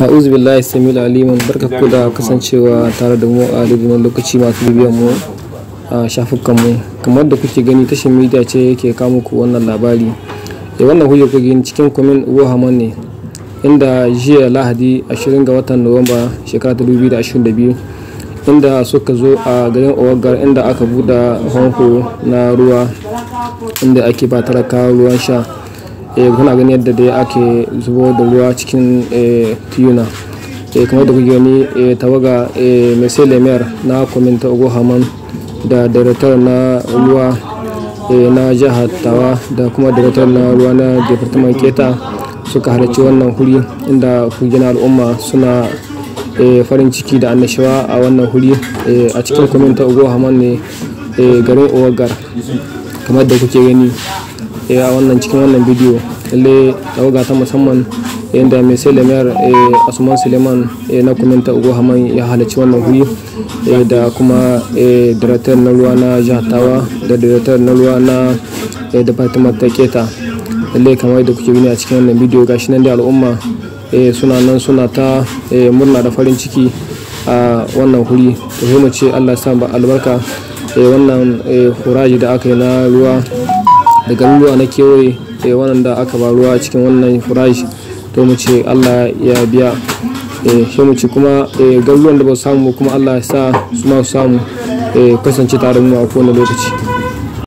a'udhu billahi samil alimin barka da kasancewa tare da mu a dukkan lokaci masu bibiyar mu a shafukan mu kamar da kuke gani tashin media ce yake kawo muku wannan labari da eh, wannan hujjar kuke cikin kwamin Wuhan ne inda jiya Lahadi 20 ga watan Nuwamba 2022 inda suka zo a garin Owagar inda aka buɗe famfo na ruwa inda ake ba kawo ruwan sha Eh, kuna gani yadda dai ake zubo da ruwa cikin eh, tiyuna eh, kamar da kuke gani tawaga mai lemiyar na kwaminta ogo haman da daratar na ruwa na jihar tawa da kuma daratar na ruwa na departament keta suka halarci wannan huri inda kugina al'umma suna farin ciki da annashawa a wannan huri a cikin kwaminta ogo haman ne garin owagar kamar da kuke gani ya wannan cikin wannan bidiyo lalle tawaga ta musamman yadda mai sai lamiyar asuman eh, suleiman eh, na kuminta ugo haman ya halarci wannan guri eh, da kuma diratar na ruwa na jihatawa da diratar na ruwa na department ta keta lalle kamar da kuke gani a cikin wannan bidiyo gashi nan da al'umma suna nan suna ta murna da farin ciki a wannan huri to mu ce allah sa albarka wannan huraji da aka yi na ruwa da garuruwa na kewaye da wannan da aka ba ruwa cikin wannan furashi to mu ce Allah ya biya eh, shi mu ce kuma eh, garuruwan da ba samu kuma Allah ya sa su ma su samu eh, kasance tare mu a kowane lokaci